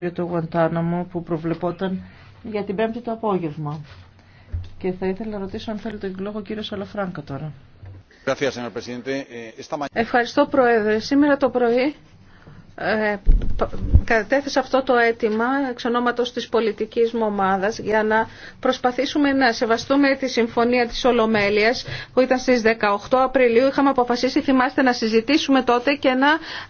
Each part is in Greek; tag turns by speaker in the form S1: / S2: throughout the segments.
S1: για
S2: το Γουαντάναμο που προβλεπόταν για την Πέμπτη το απόγευμα. Και θα
S3: ήθελα να ρωτήσω αν θέλει τον λόγο ο κύριο Αλαφράγκα τώρα.
S1: Eh,
S3: Ευχαριστώ Πρόεδρε. Σήμερα το πρωί ε, κατέθεσα αυτό το αίτημα εξ ονόματος της πολιτικής μου για να προσπαθήσουμε να σεβαστούμε τη συμφωνία της Ολομέλειας που ήταν στις 18 Απριλίου. Είχαμε αποφασίσει, θυμάστε, να συζητήσουμε τότε και να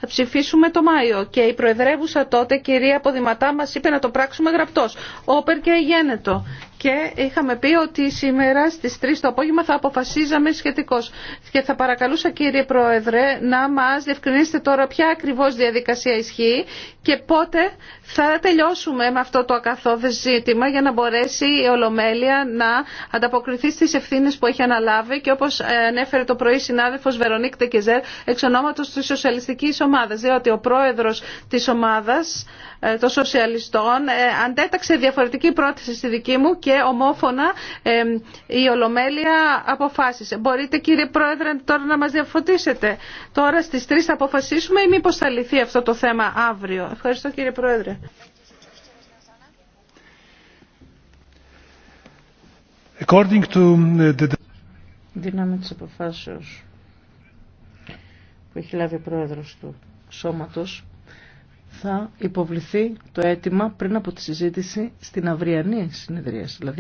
S3: ψηφίσουμε το Μάιο. Και η Προεδρεύουσα τότε, κυρία Ποδηματά, μας είπε να το πράξουμε γραπτός. Όπερ και γένετο και είχαμε πει ότι σήμερα στις 3 το απόγευμα θα αποφασίζαμε σχετικώς. Και θα παρακαλούσα κύριε Πρόεδρε να μας διευκρινίσετε τώρα ποια ακριβώς διαδικασία ισχύει και πότε θα τελειώσουμε με αυτό το ακαθόδες ζήτημα για να μπορέσει η Ολομέλεια να ανταποκριθεί στις ευθύνες που έχει αναλάβει και όπως ε, ανέφερε το πρωί συνάδελφος Βερονίκ Τεκεζέρ εξ ονόματος της Σοσιαλιστικής Ομάδας διότι ο πρόεδρος της ομάδας ε, των Σοσιαλιστών ε, αντέταξε διαφορετική πρόταση στη δική μου και ομόφωνα η Ολομέλεια αποφάσισε. Μπορείτε κύριε Πρόεδρε τώρα να μας διαφωτίσετε. Τώρα στις 3 θα αποφασίσουμε ή μήπως θα λυθεί αυτό το θέμα αύριο. Ευχαριστώ κύριε Πρόεδρε.
S4: According to uh, the...
S2: Δύναμη της αποφάσεως που έχει λάβει ο πρόεδρος του σώματος θα υποβληθεί το αίτημα πριν από τη συζήτηση στην αυριανή συνεδρίαση. Δηλαδή